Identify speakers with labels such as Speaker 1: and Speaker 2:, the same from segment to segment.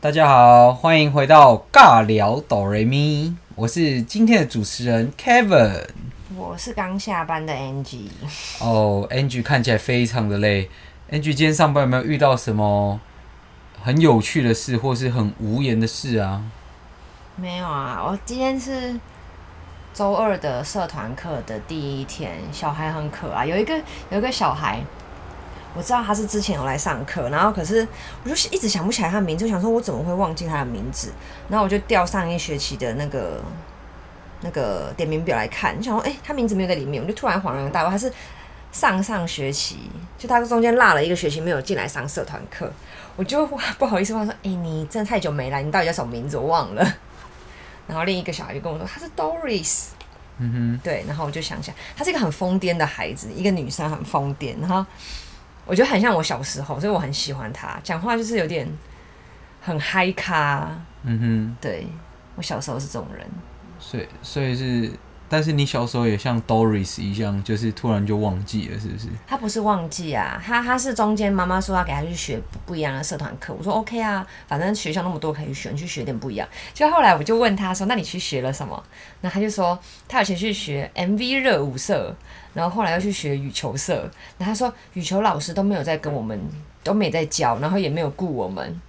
Speaker 1: 大家好，歡迎回到尬聊哆瑞咪，我是今天的主持人 Kevin，
Speaker 2: 我是剛下班的 Angie。
Speaker 1: 哦，Angie 看起來非常的累。Angie 今天上班有沒有遇到什麼很有趣的事，或是很無言的事啊？
Speaker 2: 沒有啊，我今天是週二的社團課的第一天，小孩很可愛，有一個有一個小孩。我知道他是之前有來上課，然後可是我就一直想不起來他的名字，我想說我怎麼會忘記他的名字？然後我就調上一學期的那個那個點名表來看，就想說哎、欸，他名字沒有在裡面，我就突然恍然大悟，他是上上學期，就他中間落了一個學期沒有進來上社團課，我就哇不好意思問說，哎、欸，你真的太久沒來，你到底叫什麼名字？我忘了。然後另一個小孩就跟我說，他是 Doris，嗯哼，對，然後我就想想，他是一個很瘋癲的孩子，一個女生很瘋癲，然後。我覺得很像我小時候，所以我很喜歡他講話，就是有點很嗨咖。嗯哼，對，我小時候是這種人。
Speaker 1: 所以，所以是，但是你小時候也像 Doris 一樣，就是突然就忘記了，是不是？
Speaker 2: 他不是忘記啊，他他是中間媽媽說要給他去學不,不一樣的社團課，我說 OK 啊，反正學校那麼多可以選，你去學點不一樣。就後來我就問他說：“那你去學了什麼？”那他就說：“他以前去學 MV 熱舞社。”然後後來又去學羽球社，然後他說羽球老師都沒有在跟我們，都沒在教，然後也沒有顧我們，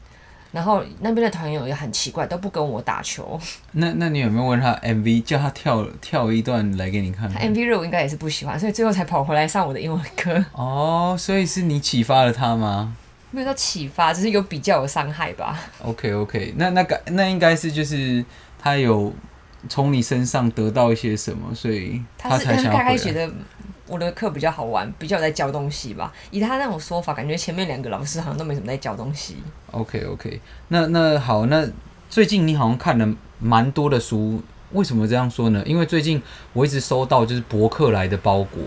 Speaker 2: 然後那邊的團友也很奇怪，都不跟我打球。
Speaker 1: 那那你有沒有問他 MV，叫他跳跳一段來給你看看？他
Speaker 2: MV 日舞應該也是不喜歡，所以最後才跑回來上我的英文課。
Speaker 1: 哦，所以是你啟發了他嗎？
Speaker 2: 沒有說啟發，只、就是有比較有傷害吧。
Speaker 1: OK OK，那那個那,那應該是就是他有。從你身上得到一些什麼？所以他才想，他是他開始覺得
Speaker 2: 我的課比較好玩，比較在教東西吧。以他那種說法，感覺前面兩個老師好像都沒怎麼在教東西。
Speaker 1: OK OK，那那好，那最近你好像看了蠻多的書，為什麼這樣說呢？因為最近我一直收到就是博客來的包裹。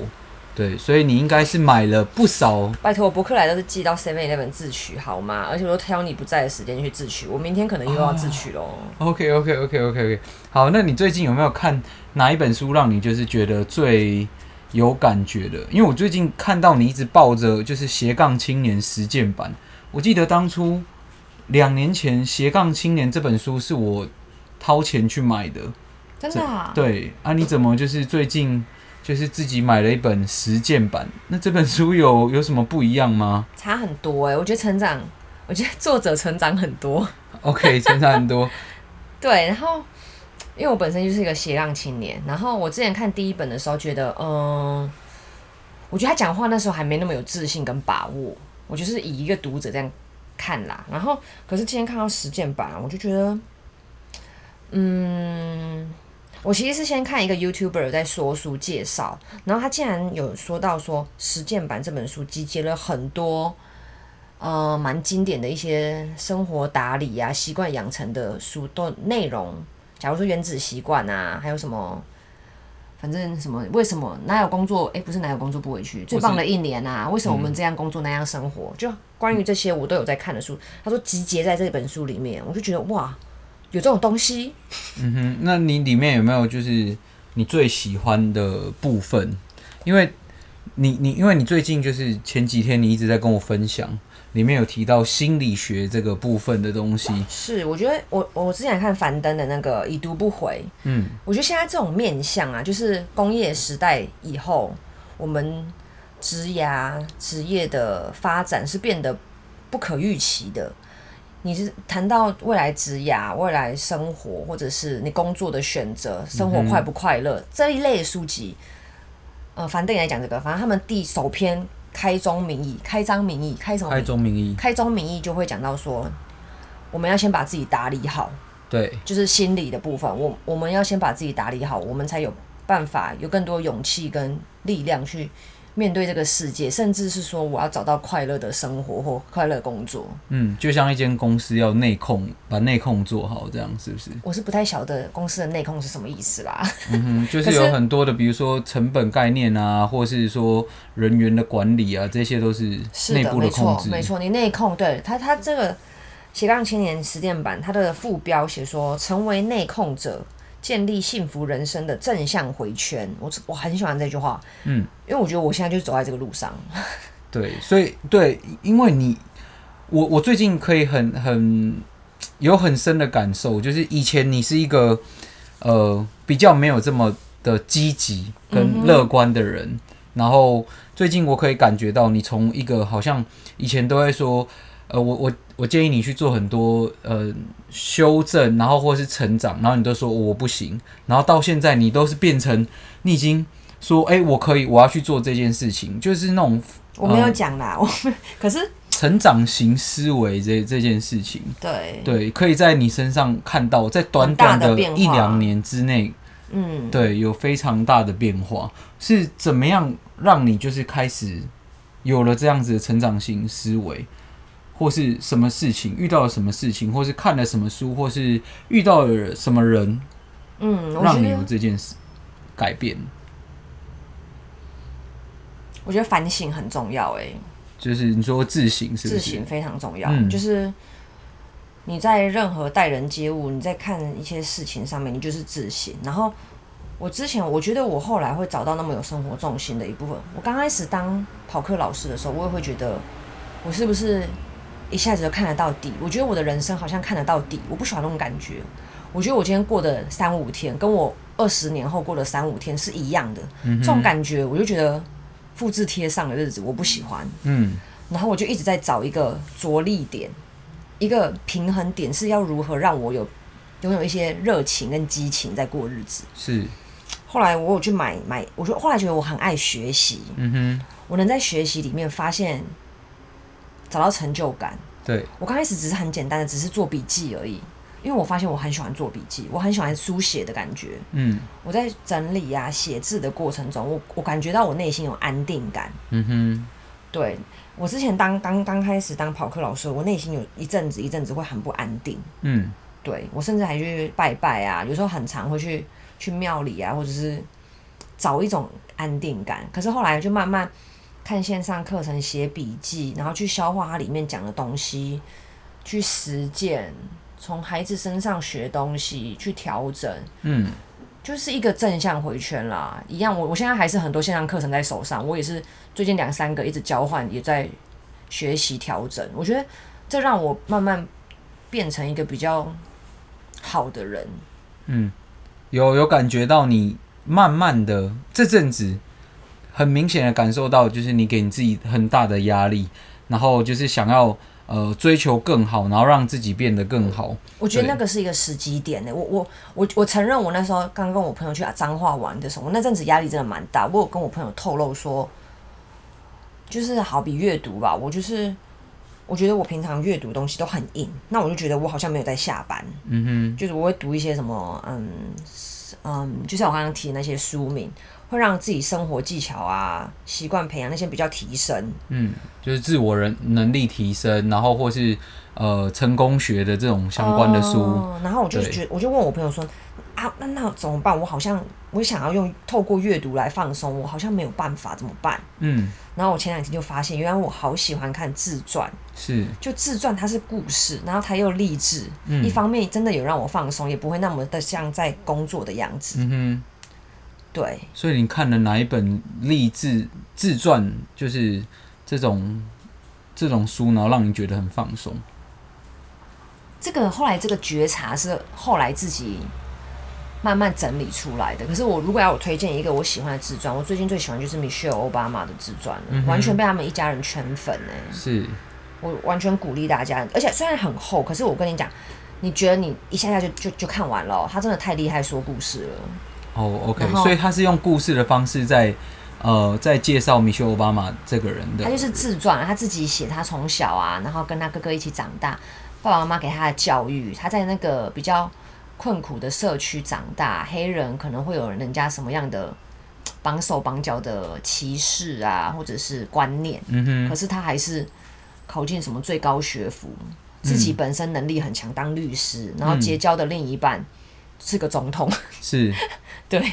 Speaker 1: 對，所以你應該是買了不少。
Speaker 2: 拜托，我博客來都是寄到 Seven Eleven 自取好嗎？而且我都挑你不在的時間去自取。我明天可能又要自取嘍。
Speaker 1: Oh, OK OK OK OK OK。好，那你最近有沒有看哪一本書讓你就是覺得最有感覺的？因為我最近看到你一直抱着就是《斜槓青年》實踐版。我記得當初兩年前，《斜槓青年》這本書是我掏錢去買的。
Speaker 2: 真的、啊？對。
Speaker 1: 啊，你怎麼就是最近？就是自己買了一本實踐版，那這本書有有什麼不一樣嗎？
Speaker 2: 差很多哎、欸，我覺得成長，我覺得作者成長很多。OK，成長
Speaker 1: 很多。
Speaker 2: 對，然後因為我本身就是一個斜槓青年，然後我之前看第一本的時候，覺得嗯、呃，我覺得他講話那時候還沒那麼有自信跟把握，我就是以一個讀者這樣看啦。然後可是今天看到實踐版，我就覺得，嗯。我其實是先看一個 YouTuber 在說書介紹，然後他竟然有說到說，實踐版這本書集結了很多呃蠻經典的一些生活打理啊、習慣養成的書都內容。假如說原子習慣啊，還有什麼，反正什麼為什麼哪有工作？哎、欸，不是哪有工作不委屈，最棒的一年啊！是為什麼我們這樣工作、嗯、那樣生活？就關於這些我都有在看的書，他說集結在這本書裡面，我就覺得哇。有這種東西，
Speaker 1: 嗯哼，那你裡面有沒有就是你最喜歡的部分？因為你你因為你最近就是前幾天你一直在跟我分享，裡面有提到心理學這個部分的東西。
Speaker 2: 是，我覺得我我之前看樊登的那個《已讀不回》，嗯，我覺得現在這種面向啊，就是工業時代以後，我們職業職業的發展是變得不可預期的。你是談到未來職涯、未來生活，或者是你工作的選擇、生活快不快樂、嗯、哼這一類的書籍，呃，反正對你來講這個，反正他們第首篇開宗明義、開章明義、開什麼開
Speaker 1: 宗明義、開
Speaker 2: 宗明義就會講到說，我們要先把自己打理好，對，就是心理的部分，我我們要先把自己打理好，我們才有辦法有更多勇氣跟力量去。面對這個世界，甚至是說我要找到快樂的生活或快樂的工作。
Speaker 1: 嗯，就像一間公司要內控，把內控做好，這樣是不是？
Speaker 2: 我是不太曉得公司的內控是什麼意思啦。嗯
Speaker 1: 哼，就是有很多的，是比如說成本概念啊，或是說人員的管理啊，這些都是內部的控制。沒錯，沒錯，
Speaker 2: 你內控，對它，它這個斜槓青年實踐版，它的副標寫說，成為內控者。建立幸福人生的正向迴圈，我我很喜歡這句話。嗯，因為我覺得我現在就走在這個路上。
Speaker 1: 對，所以對，因為你，我我最近可以很很有很深的感受，就是以前你是一個呃比較沒有這麼的積極跟樂觀的人，嗯、哼然後最近我可以感覺到你從一個好像以前都在說，呃我我。我我建議你去做很多呃修正，然後或是成長，然後你都說我不行，然後到現在你都是變成你已經說哎、欸、我可以，我要去做這件事情，就是那種
Speaker 2: 我沒有講啦，我、呃、可是，
Speaker 1: 成長型思維這這件事情，
Speaker 2: 對對，
Speaker 1: 可以在你身上看到，在短短的一兩年之內，嗯，對，有非常大的變化，嗯、是怎麼樣讓你就是開始有了這樣子的成長型思維？或是什麼事情遇到了什麼事情，或是看了什麼書，或是遇到了什麼人，嗯，讓你有這件事改變。
Speaker 2: 我覺得反省很重要、欸，
Speaker 1: 哎，就是你說自省是不是？自省非常重要，嗯、就
Speaker 2: 是你在任何待人接物，你在看一些事情上面，你就是自省。然後我之前我覺得我後來會找到那麼有生活重心的一部分。我剛開始當跑課老師的時候，我也會覺得我是不是。一下子就看得到底，我覺得我的人生好像看得到底，我不喜歡那種感覺。我覺得我今天過的三五天，跟我二十年後過的三五天是一樣的，嗯哼。這種感覺我就覺得複製貼上的日子我不喜歡。嗯，然後我就一直在找一個着力點，一個平衡點，是要如何讓我有擁有一些熱情跟激情在過日子。是，後來我有去買買，我就後來覺得我很愛學習。嗯哼，我能在學習裡面發現。找到成就感。對，我剛開始只是很簡單的，只是做筆記而已。因為我發現我很喜歡做筆記，我很喜歡書寫的感覺。嗯，我在整理啊、寫字的過程中，我我感覺到我內心有安定感。嗯
Speaker 1: 哼，
Speaker 2: 對，我之前當剛剛開始當跑課老師，我內心有一陣子一陣子會很不安定。嗯，對，我甚至還去拜拜啊，有時候很常會去去廟裡啊，或者是找一種安定感。可是後來就慢慢。看線上課程，寫筆記，然後去消化它裡面講的東西，去實踐，從孩子身上學東西，去調整，嗯，就是一個正向回圈啦。一樣我，我我現在還是很多線上課程在手上，我也是最近兩三個一直交換，也在學習調整。我覺得這讓我慢慢變成一個比較好的人。
Speaker 1: 嗯，有有感覺到你慢慢的這陣子。很明顯的感受到，就是你給你自己很大的壓力，然後就是想要呃追求更好，然後讓自己變得更好。
Speaker 2: 嗯、我覺得那個是一個時機點的、欸。我我我我承認，我那時候剛跟我朋友去啊彰化玩的時候，我那陣子壓力真的蠻大。我有跟我朋友透露說，就是好比閱讀吧，我就是我覺得我平常閱讀東西都很硬，那我就覺得我好像沒有在下班。嗯哼，就是我會讀一些什麼，嗯嗯，就像、是、我剛剛提的那些書名。會讓自己生活技巧啊、習慣培養那些比較提升，
Speaker 1: 嗯，就是自我人能力提升，然後或是呃成功學的這種相關的書。呃、然後我就覺，
Speaker 2: 對我就問我朋友說，啊，那那怎麼辦？我好像我想要用透過閱讀來放鬆，我好像沒有辦法，怎麼辦？嗯。然後我前兩天就發現，原來我好喜歡看自傳，是，就自傳它是故事，然後它又勵志，嗯、一方面真的有讓我放鬆，也不會那麼的像在工作的樣子。嗯哼對，
Speaker 1: 所以你看了哪一本勵志自傳，就是這種這種書，呢，讓你覺得很放鬆？
Speaker 2: 這個後來這個覺察是後來自己慢慢整理出來的。可是我如果要我推薦一個我喜歡的自傳，我最近最喜歡就是 Michelle Obama 的自傳。嗯、哼完全被他們一家人圈粉呢、欸。是我完全鼓勵大家，而且雖然很厚，可是我跟你講，你覺得你一下一下就就就看完了、喔？他真的太厲害，說故事了。
Speaker 1: 哦、oh，OK，後所以他是用故事的方式在，呃，在介紹米修·奧巴馬這個人的。他就是自
Speaker 2: 傳，他自己寫，他從小啊，然後跟他哥哥一起長大，爸爸媽媽給他的教育，他在那個比較困苦的社區長大，黑人可能會有人家什麼樣的綁手綁腳的歧視啊，或者是觀念。嗯、哼可是他還是考進什麼最高學府，嗯、自己本身能力很強，當律師，然後結交的另一半是個總統，嗯、 是。對，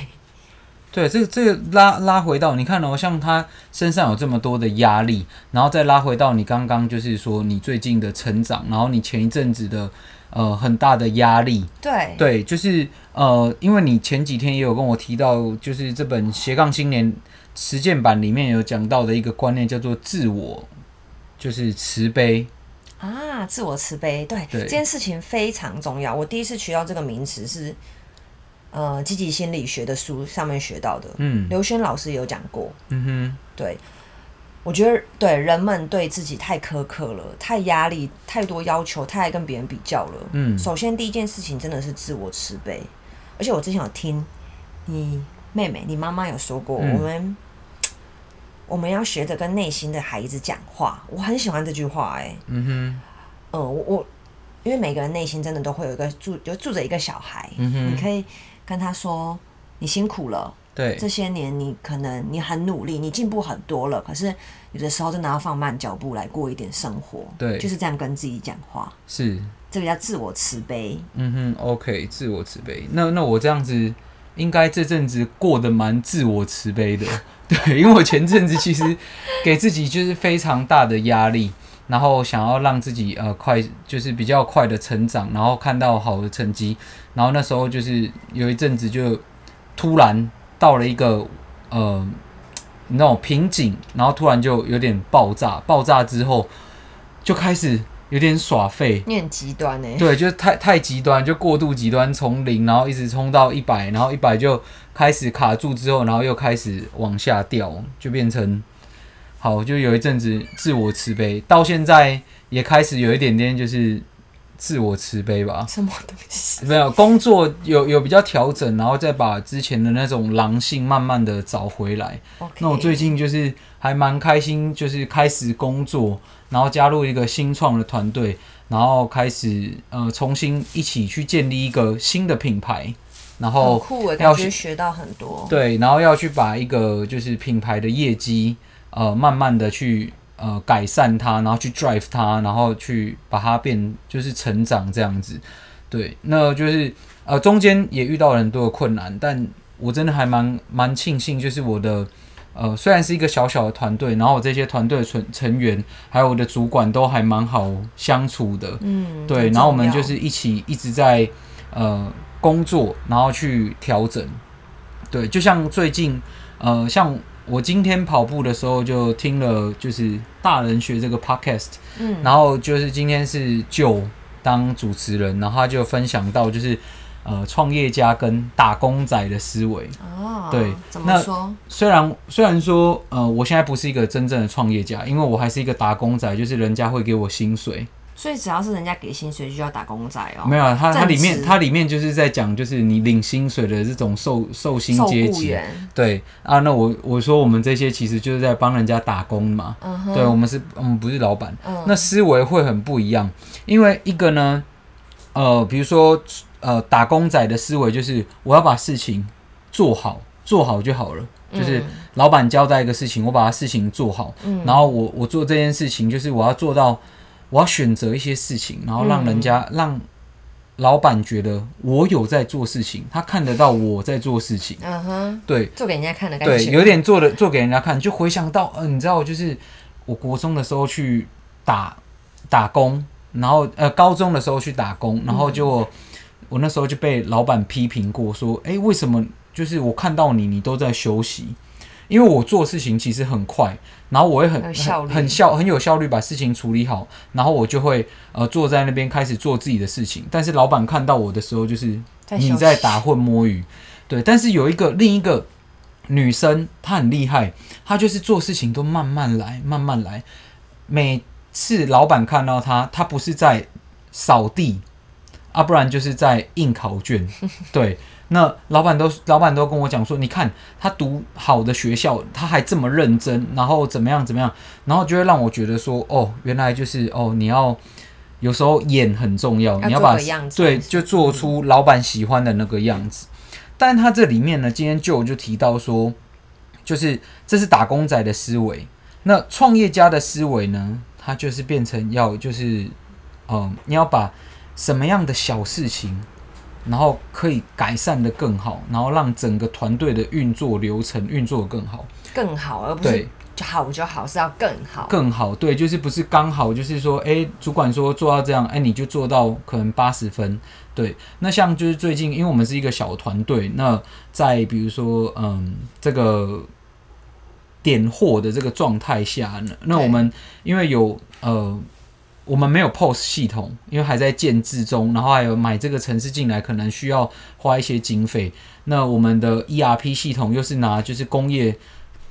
Speaker 1: 對，這個這個拉拉回到你看哦，像他身上有這麼多的壓力，然後再拉回到你剛剛就是說你最近的成長，然後你前一陣子的呃很大的壓力，對，對，就是呃，因為你前幾天也有跟我提到，就是這本《斜槓青年實踐版》裡面有講到的一個觀念，叫做自我，就是慈悲
Speaker 2: 啊，自我慈悲，對，對這件事情非常重要。我第一次學到這個名詞是。呃，積極心理學的書上面學到的，劉軒、嗯、老師有講過。嗯哼，對，我覺得對人們對自己太苛刻了，太壓力，太多要求，太愛跟別人比較了。嗯，首先第一件事情真的是自我慈悲，而且我之前有聽你妹妹、你媽媽有說過，嗯、我們我們要學着跟內心的孩子講話。我很喜歡這句話、欸，哎，嗯哼，嗯、呃，我,我因為每個人內心真的都會有一個住，就住着一個小孩。嗯哼，你可以。跟他說，你辛苦了。對，這些年你可能你很努力，你進步很多了。可是有的時候真的要放慢腳步來過一點生活。對，就是這樣跟自己講話。
Speaker 1: 是，
Speaker 2: 這個叫自我慈悲。
Speaker 1: 嗯哼，OK，自我慈悲。那那我這樣子，應該這陣子過得蠻自我慈悲的。 對，因為我前陣子其實給自己就是非常大的壓力。然後想要讓自己呃快，就是比較快的成長，然後看到好的成績，然後那時候就是有一陣子就突然到了一個呃那種瓶頸，然後突然就有點爆炸，爆炸之後就開始有點耍廢。
Speaker 2: 你很極端欸。對，就
Speaker 1: 是太太極端，就過度極端，從零然後一直衝到一百，然後一百就開始卡住之後，然後又開始往下掉，就變成。好，就有一陣子自我慈悲，到現在也開始有一點點就是自我慈悲吧。什麼東西？沒有工作有有比較調整，然後再把之前的那種狼性慢慢的找回來。Okay 那我最近就是還蠻開心，就是開始工作，然後加入一個新創的團隊，然後開始呃重新一起去建立一個新的品牌。然後要去，很酷耶，感覺學到很多。對，然後要去把一個就是品牌的業績。呃，慢慢的去呃改善它，然後去 drive 它，然後去把它變，就是成長這樣子，對，那就是呃中間也遇到很多的困難，但我真的還蠻蠻慶幸，就是我的呃雖然是一個小小的團隊，然後我這些團隊成成員還有我的主管都還蠻好相處的，嗯，對，然後我們就是一起一直在呃工作，然後去調整，對，就像最近呃像。我今天跑步的時候就聽了，就是大人學這個 podcast，嗯，然後就是今天是就當主持人，然後他就分享到就是呃，創業家跟打工仔的思維，
Speaker 2: 哦，對，怎麼
Speaker 1: 說？那雖然雖然說呃，我現在不是一個真正的創業家，因為我還是一個打工仔，就是人家會給我薪水。
Speaker 2: 所以只要是人家給薪水，就要打工仔哦、喔。沒有、啊，它它值裡面它裡
Speaker 1: 面就是在講，就是你領薪水的這種受受薪階級。對啊，那我我說我們這些其實就是在幫人家打工嘛。嗯、哼對，我們是我們不是老闆。嗯、那思維會很不一樣，因為一個呢，呃，比如說呃，打工仔的思維就是我要把事情做好，做好就好了。嗯、就是老闆交代一個事情，我把他事情做好。嗯、然後我我做這件事情，就是我要做到。我要選擇一些事情，然後讓人家、嗯、讓老板覺得我有在做事情，他看得到我在做事情。嗯
Speaker 2: 哼，對，做給人家看的，感覺。對，有點
Speaker 1: 做的做給人家看。就回想到，嗯、呃，你知道，我就是我國中的時候去打打工，然後呃，高中的時候去打工，然後就、嗯、我那時候就被老板批評過，說，哎、欸，為什麼就是我看到你，你都在休息？因為我做事情其實很快。然後我會很很效很很有效率把事情處理好，然後我就會呃坐在那邊開始做自己的事情。但是老板看到我的時候，就是你在打混摸魚，對。但是有一個另一個女生，她很厲害，她就是做事情都慢慢來，慢慢來。每次老板看到她，她不是在掃地啊，不然就是在印考卷，對。 那老闆都老闆都跟我講說，你看他讀好的學校，他還這麼認真，然後怎麼樣怎麼樣，然後就會讓我覺得說，哦，原來就是哦，你要有時候演很重要，你要把對，就做出老闆喜歡的那個樣子。但他這裡面呢，今天就我就提到說，就是這是打工仔的思維，那創業家的思維呢，他就是變成要就是，嗯，你要把什麼樣的小事情，然後可以改善的更好，然後讓整個團隊的運作流程運作得更好，
Speaker 2: 更好，而不是對，就好就好對是要更好
Speaker 1: 更好對，就是不是剛好就是說，哎，主管說做到這樣，哎，你就做到可能八十分，對。那像就是最近，因為我們是一個小團隊，那在比如說，嗯，這個點貨的這個狀態下呢，那我們因為有對呃。我們沒有 POS 系統，因為還在建制中，然後還有買這個程式進來，可能需要花一些經費。那我們的 ERP 系統又是拿就是工業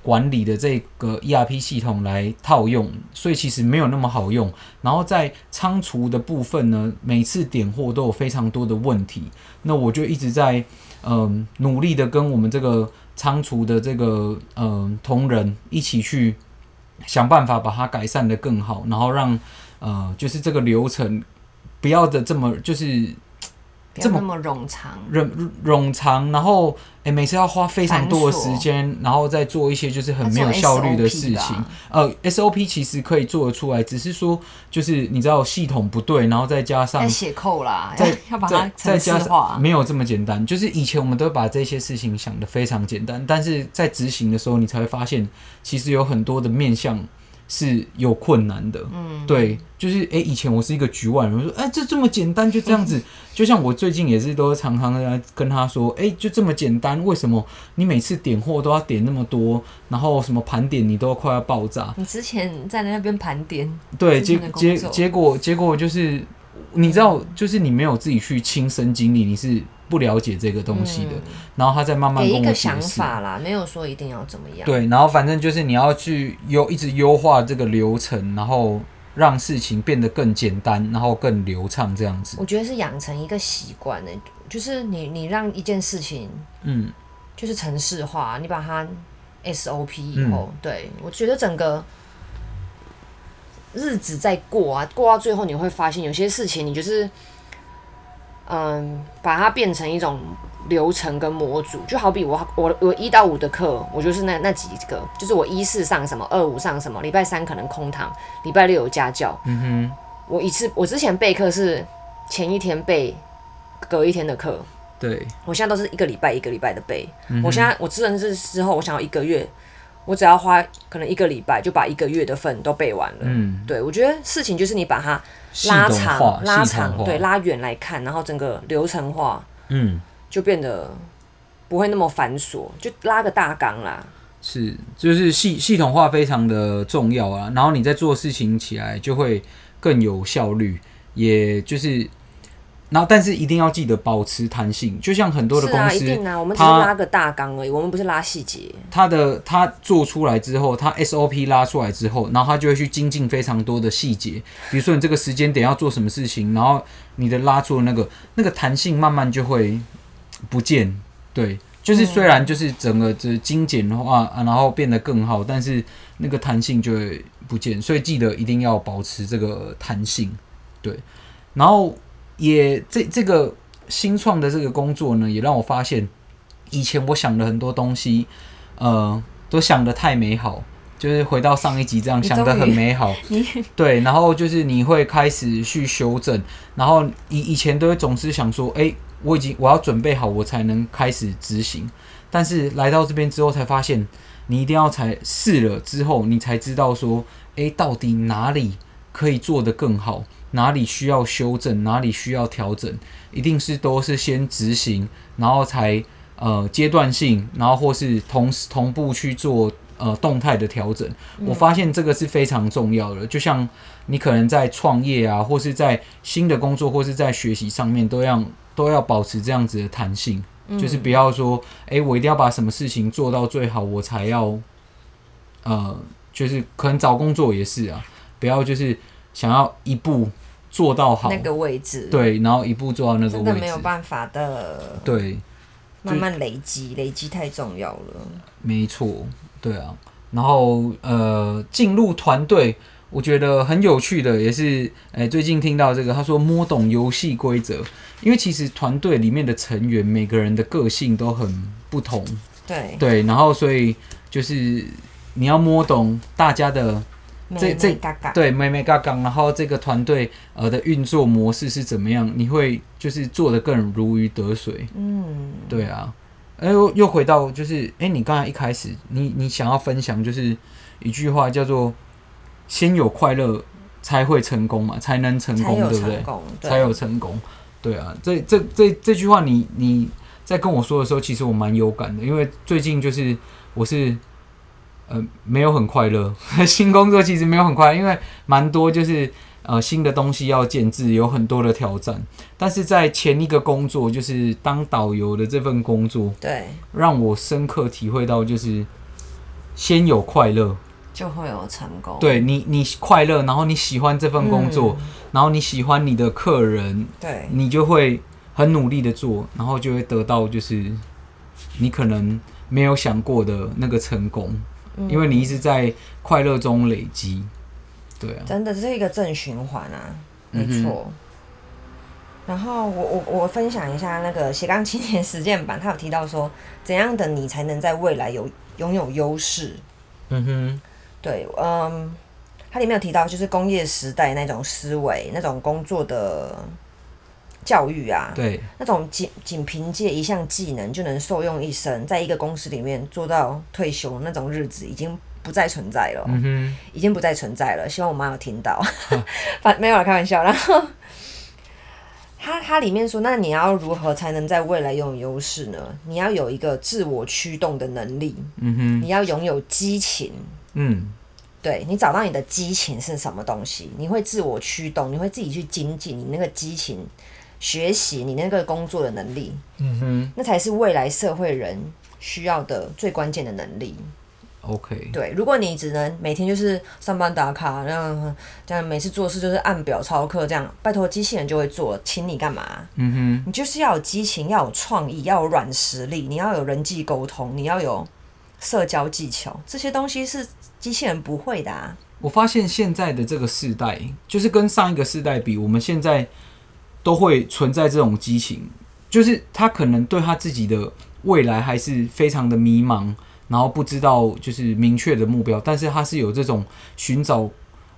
Speaker 1: 管理的這個 ERP 系統來套用，所以其實沒有那麼好用。然後在倉儲的部分呢，每次點貨都有非常多的問題。那我就一直在嗯、呃、努力的跟我們這個倉儲的這個嗯、呃、同仁一起去想辦法把它改善得更好，然後讓。呃，就是這個流程，不要的這麼就是
Speaker 2: 這麼冗長，
Speaker 1: 冗冗長，然後哎、欸，每次要花非常多的時間，然後再做一些就是很沒有效率的事情。啊、呃，SOP 其實可以做得出來，只是說就是你知道系統不對，然後再加上寫
Speaker 2: 扣啦，在，在要把它再加上
Speaker 1: 沒有這麼簡單。就是以前我們都把這些事情想得非常簡單，但是在執行的時候，你才會發現其實有很多的面向。是有困難的，嗯，對，就是哎、欸，以前我是一個局外人，我說哎，這、欸、這麼簡單就這樣子， 就像我最近也是都常常跟他說，哎、欸，就這麼簡單，為什麼你每次點貨都要點那麼多，然後什麼盤點你都快要爆炸？你
Speaker 2: 之前在那邊盤點，對，結結
Speaker 1: 結果結果就是。你知道，就是你沒有自己去親身經歷，你是不了解這個東西的。然後他在慢慢給一個想法
Speaker 2: 啦，沒有說一定要怎麼樣。對，
Speaker 1: 然後反正就是你要去優，一直優化這個流程，然後讓事情變得更簡單，然後更流暢，這樣子。我
Speaker 2: 覺得是養成一個習慣呢，就是你你讓一件事情，
Speaker 1: 嗯，
Speaker 2: 就是程式化，你把它 SOP 以後，嗯、對，我覺得整個。日子在過啊，過到最後你會發現，有些事情你就是，嗯，把它變成一種流程跟模組，就好比我我我一到五的課，我就是那那幾個，就是我一四上什麼，二五上什麼，禮拜三可能空堂，禮拜六有家教。嗯
Speaker 1: 哼，
Speaker 2: 我一次我之前備課是前一天備，隔一天的課。
Speaker 1: 對，
Speaker 2: 我現在都是一個禮拜一個禮拜的備。嗯哼，我現在我辭職之後，我想要一個月。我只要花可能一個禮拜就把一個月的份都背完了。嗯，對我覺得事情就是你把它拉長、拉長，對拉遠來看，然後整個流程化，嗯，就變得不會那麼繁瑣，就拉個大綱啦。
Speaker 1: 是，就是系系統化非常的重要啊。然後你在做事情起來就會更有效率，也就是。然後，但是一定要記得保持彈性，就像很多的公司，是啊，一定啊，我們只是拉
Speaker 2: 個大綱而已，我們不是拉細節。
Speaker 1: 他的它做出來之後，他 SOP 拉出來之後，然後他就會去精進非常多的細節，比如說你這個時間點要做什麼事情，然後你的拉出那個那個彈性慢慢就會不見。對，就是雖然就是整個就是精簡的話，然後變得更好，但是那個彈性就會不見，所以記得一定要保持這個彈性。對，然後。也這這個新創的這個工作呢，也讓我發現，以前我想的很多東西，呃，都想得太美好，就是回到上一集這樣想得很美好，對，然後就是你會開始去修正，然後以以前都會總是想說，哎，我已經我要準備好，我才能開始執行，但是來到這邊之後，才發現你一定要才試了之後，你才知道說，哎，到底哪裡可以做得更好。哪裡需要修正，哪裡需要調整，一定是都是先執行，然後才呃階段性，然後或是同時同步去做呃動態的調整。嗯、我發現這個是非常重要的，就像你可能在創業啊，或是在新的工作，或是在學習上面，都要都要保持這樣子的彈性，嗯、就是不要說誒、欸，我一定要把什麼事情做到最好，我才要呃，就是可能找工作也是啊，不要就是。想要一步做到好那
Speaker 2: 個位置，對，
Speaker 1: 然後一步做到那個位置，真的沒有
Speaker 2: 辦法的。對，慢慢累積，對累積太重要了。
Speaker 1: 沒錯，對啊。然後呃，進入團隊，我覺得很有趣的，也是哎、欸，最近聽到這個，他說摸懂遊戲規則，因為其實團隊裡面的成員每個人的個性都很不同，對對，然後所以就是你要摸懂大家的。這這對，美美嘎嘎，然後這個團隊呃的運作模式是怎麼樣？你會就是做得更如魚得水，嗯，對啊，哎又又回到就是，哎，你剛才一開始，你你想要分享就是一句話叫做“先有快樂才會成功嘛，才能成功，成功對不對？對才有成功，對啊。”這這這這這句話你，你你在跟我說的時候，其實我蠻有感的，因為最近就是我是。呃，沒有很快樂。新工作其實沒有很快樂，因為蠻多就是呃新的東西要建置，有很多的挑戰。但是在前一個工作，就是當導遊的這份工作，對，讓我深刻體會到，就是先有快樂，
Speaker 2: 就會有成功。對
Speaker 1: 你，你快樂，然後你喜歡這份工作，嗯、然後你喜歡你的客人，對你就會很努力的做，然後就會得到就是你可能沒有想過的那個成功。因為你一直在快樂中累積，對啊，
Speaker 2: 真的是一個正循環啊，沒錯。嗯哼。然後我我我分享一下那個《斜槓青年實踐版》，他有提到說怎樣的你才能在未來有擁有優勢。嗯哼，對，嗯，它裡面有提到就是工業時代那種思維、那種工作的。教育啊，對，那種僅僅憑借一項技能就能受用一生，在一個公司裡面做到退休的那種日子已經不再存在了，嗯哼，已經不再存在了。希望我媽有聽到，哈 反沒有了開玩笑了。然 後他他裡面說，那你要如何才能在未來擁有優勢呢？你要有一個自我驅動的能力，嗯哼，你要擁有激情，嗯，對你找到你的激情是什麼東西？你會自我驅動，你會自己去精進你那個激情。學習你那個工作的能力，嗯哼，那才是未來社會人需要的最關鍵的能力。OK，對，如果你只能每天就是上班打卡，這樣這樣每次做事就是按表操課，這樣拜托機器人就會做，請你幹嘛？嗯哼，你就是要有激情，要有創意，要有軟實力，你要有人際溝通，你要有社交技巧，這些東西是機器人不會的啊。
Speaker 1: 我發現現在的這個世代，就是跟上一個世代比，我們現在。都會存在這種激情，就是他可能對他自己的未來還是非常的迷茫，然後不知道就是明確的目標，但是他是有這種尋找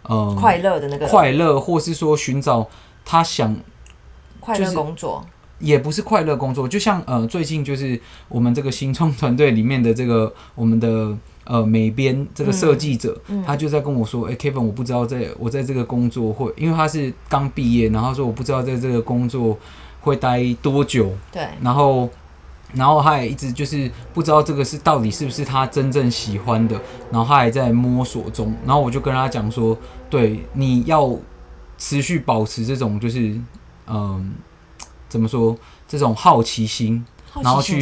Speaker 1: 呃快樂的那個快樂，或是說尋找他想、就
Speaker 2: 是、快樂工作，
Speaker 1: 也不是快樂工作。就像呃，最近就是我們這個新創團隊裡面的這個我們的。呃，美編這個設計者，嗯、他就在跟我說：“哎、欸，Kevin，我不知道在我在這個工作會，因為他是剛畢業，然後他說我不知道在這個工作會待多久。”對，然後，然後他也一直就是不知道這個是到底是不是他真正喜歡的，然後他還在摸索中。然後我就跟他講說：“對，你要持續保持這種就是嗯、呃，怎麼說，這種好奇心。”然後去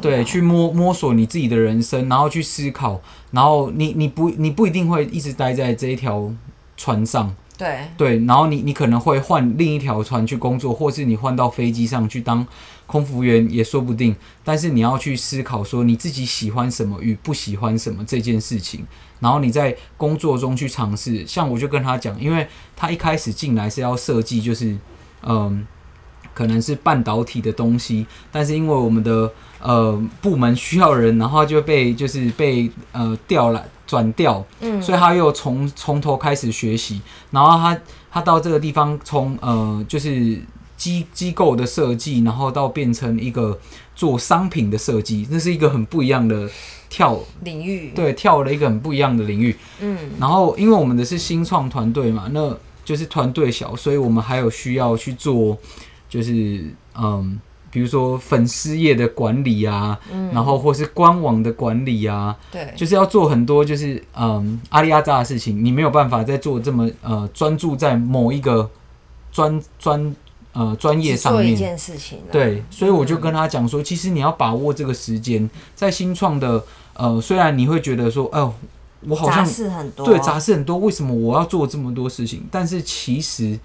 Speaker 1: 對，去摸摸索你自己的人生，然後去思考，然後你你不你不一定會一直待在這一條船上，對對，然後你你可能會換另一條船去工作，或是你換到飛機上去當空服員也說不定。但是你要去思考說你自己喜歡什麼與不喜歡什麼這件事情，然後你在工作中去嘗試。像我就跟他講，因為他一開始進來是要設計，就是嗯。呃可能是半導體的東西，但是因為我們的呃部門需要人，然後就被就是被呃調來轉調，嗯，所以他又從從頭開始學習，然後他他到這個地方從呃就是機機構的設計，然後到變成一個做商品的設計，那是一個很不一樣的跳
Speaker 2: 領域，對，
Speaker 1: 跳了一個很不一樣的領域，嗯，然後因為我們的是新創團隊嘛，那就是團隊小，所以我們還有需要去做。就是嗯，比如說粉絲頁的管理啊，嗯、然後或是官網的管理啊，對，就是要做很多就是嗯阿里阿扎的事情，你沒有辦法再做這麼呃專注在某一個專專呃專業上面一件事情啊。對，所以我就跟他講說，對其實你要把握這個時間，在新創的呃，雖然你會覺得說哦、呃，我好像，啊、對，雜事很多，為什麼我要做這麼多事情？但是其實。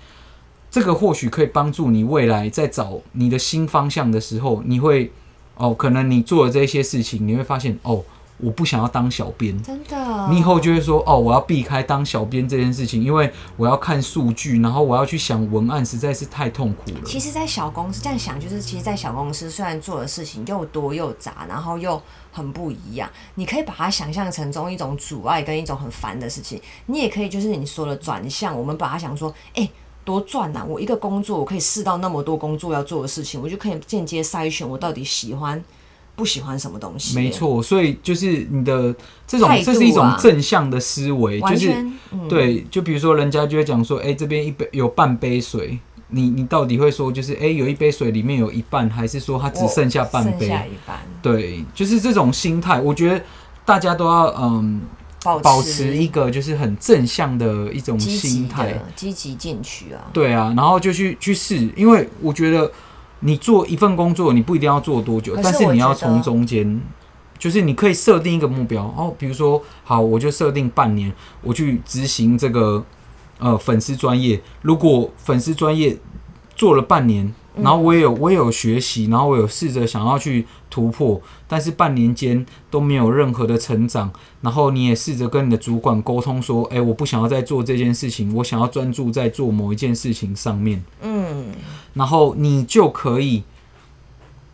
Speaker 1: 這個或許可以幫助你未來在找你的新方向的時候，你會哦，可能你做了這些事情，你會發現哦，我不想要當小編，真的，你以後就會說哦，我要避開當小編這件事情，因為我要看數據，然後我要去想文案，實在是太痛苦了。其
Speaker 2: 實，在小公司這樣想，就是其實，在小公司雖然做的事情又多又雜，然後又很不一樣，你可以把它想象成中一種阻礙跟一種很煩的事情。你也可以就是你說的轉向，我們把它想說，哎。多賺吶、啊！我一個工作，我可以試到那麼多工作要做的事情，我就可以間接篩選我到底喜歡不喜歡什麼東西。沒錯，
Speaker 1: 所以就是你的這種，啊、這是一種正向的思維，就是、嗯、對。就比如說，人家就會講說：“哎、欸，這邊一杯有半杯水，你你到底會說就是哎、欸，有一杯水裡面有一半，還是說它只剩下半杯？半對，就是這種心態。我覺得大家都要嗯。”
Speaker 2: 保持一
Speaker 1: 個就是很正向的一種心態，
Speaker 2: 積極進取啊！對
Speaker 1: 啊，然後就去去試，因為我覺得你做一份工作，你不一定要做多久，是但是你要從中間，就是你可以設定一個目標哦，比如說好，我就設定半年，我去執行這個呃粉絲專業，如果粉絲專業做了半年，然後我也有我也有學習，然後我有試着想要去突破，但是半年間都沒有任何的成長。然後你也試着跟你的主管溝通說：“哎，我不想要再做這件事情，我想要專注在做某一件事情上面。”嗯，然後你就可以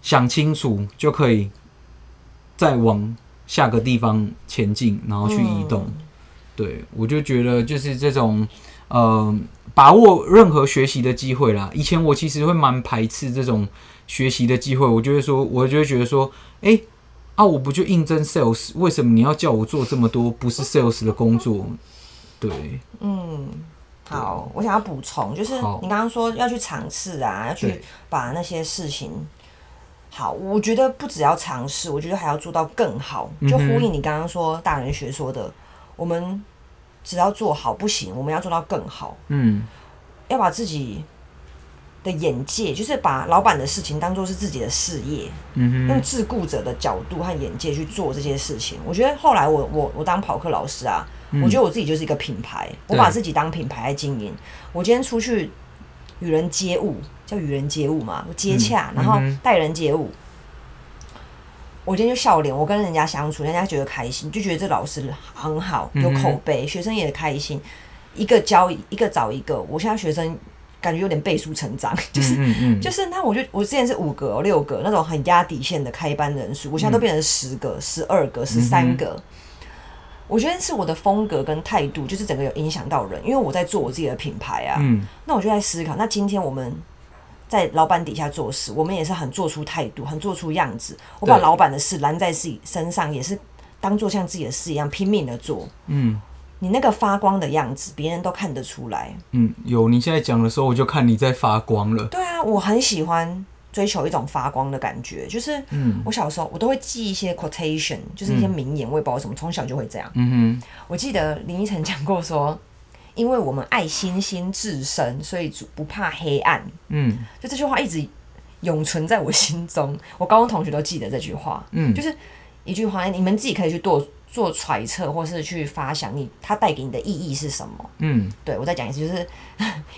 Speaker 1: 想清楚，就可以再往下個地方前進，然後去移動。嗯對，我就覺得就是這種，嗯、呃，把握任何學習的機會啦。以前我其實會蠻排斥這種學習的機會，我就會說，我就會覺得說，哎、欸，啊，我不就應徵 sales，為什麼你要叫我做這麼多不是 sales 的工作？對，嗯，
Speaker 2: 好，對我想要補充，就是你剛剛說要去嘗試啊，好要去把那些事情，對好，我覺得不只要嘗試，我覺得還要做到更好，嗯、哼就呼應你剛剛說大人學說的。我們只要做好不行，我們要做到更好。嗯，要把自己的眼界，就是把老闆的事情當做是自己的事業。嗯哼，用自顧者的角度和眼界去做這些事情。我覺得後來我我我當跑課老師啊，嗯、我覺得我自己就是一個品牌，我把自己當品牌來經營。對我今天出去與人接物，叫與人接物嘛，我接洽，嗯、然後待人接物。嗯我今天就笑臉，我跟人家相處，人家覺得開心，就覺得這老師很好，有口碑，嗯、哼學生也開心。一個教一個，找一個，我現在學生感覺有點倍數成長，就是嗯嗯就是那我就我之前是五個、哦、六個那種很壓底線的開班人數，我現在都變成十個、嗯、十二個、十三個。嗯、哼我覺得是我的風格跟態度，就是整個有影響到人，因為我在做我自己的品牌啊。嗯、那我就在思考，那今天我們。在老闆底下做事，我們也是很做出態度，很做出樣子。我把老闆的事攬在自己身上，對也是當做像自己的事一樣拼命的做。嗯，你那個發光的樣子，別人都看得出來。
Speaker 1: 嗯，有你現在講的時候，我就看你在發光了。
Speaker 2: 對啊，我很喜歡追求一種發光的感覺，就是嗯，我小時候我都會記一些 quotation，就是一些名言，我也不知道為什麼，從小就會這樣。嗯哼，我記得林依晨講過說。因為我們愛星星至深，所以不怕黑暗。嗯，就這句話一直永存在我心中。我高中同學都記得這句話。嗯，就是一句話，你們自己可以去做做揣測，或是去發想你，你它帶給你的意義是什麼？嗯，對，我再講一次，就是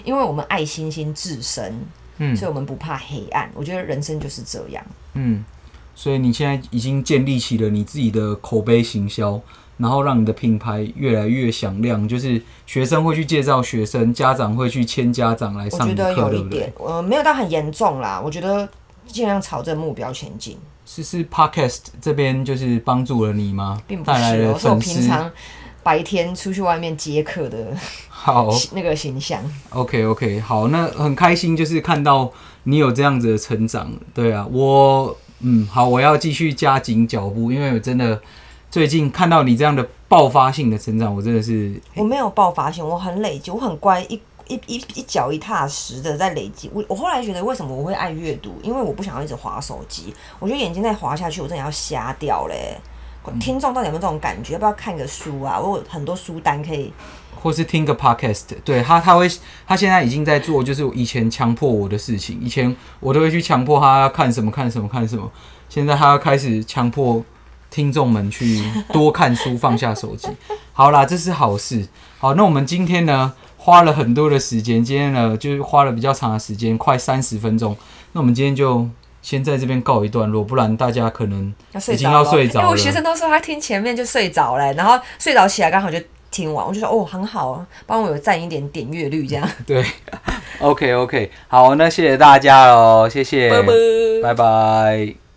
Speaker 2: 因為我們愛星星至深，嗯，所以我們不怕黑暗。我覺得人生就是這樣。嗯，
Speaker 1: 所以你現在已經建立起了你自己的口碑行銷。然後讓你的品牌越來越響亮，就是學生會去介紹學生，家長會去簽家長來上課，的一點對不對？
Speaker 2: 呃，沒有到很嚴重啦，我覺得盡量朝着目標前進。
Speaker 1: 是是，Podcast 這邊就是幫助了你嗎？並不是，是我平常
Speaker 2: 白天出去外面接客的好 那個形象。
Speaker 1: OK OK，好，那很開心，就是看到你有這樣子的成長。對啊，我嗯，好，我要繼續加緊腳步，因為我真的。最近看到你這樣的爆發性的成長，我真的是
Speaker 2: 我沒有爆發性，我很累積，我很乖，一一一一腳一踏實的在累積。我我後來覺得為什麼我會愛閱讀？因為我不想要一直滑手機，我覺得眼睛再滑下去，我真的要瞎掉嘞、欸。嗯、聽眾到底有沒有這種感覺？要不要看個書啊？我有很多書單可以，
Speaker 1: 或是聽個 Podcast。對他，他會他現在已經在做，就是我以前強迫我的事情，以前我都會去強迫他要看什麼看什麼看什麼，現在他要開始強迫。聽眾們去多看書，放下手機，好啦，這是好事。好，那我們今天呢，花了很多的時間，今天呢，就是花了比較長的時間，快三十分鐘。那我們今天就先在這邊告一段落，不然大家可能已經要睡着了。因為我學生都
Speaker 2: 說他聽前面就睡着了，然後睡着起來剛好就聽完，我就說哦，很好，幫我有占一點點閱率這樣。對
Speaker 1: ，OK OK，好，那謝謝大家哦，謝謝，拜拜。拜拜。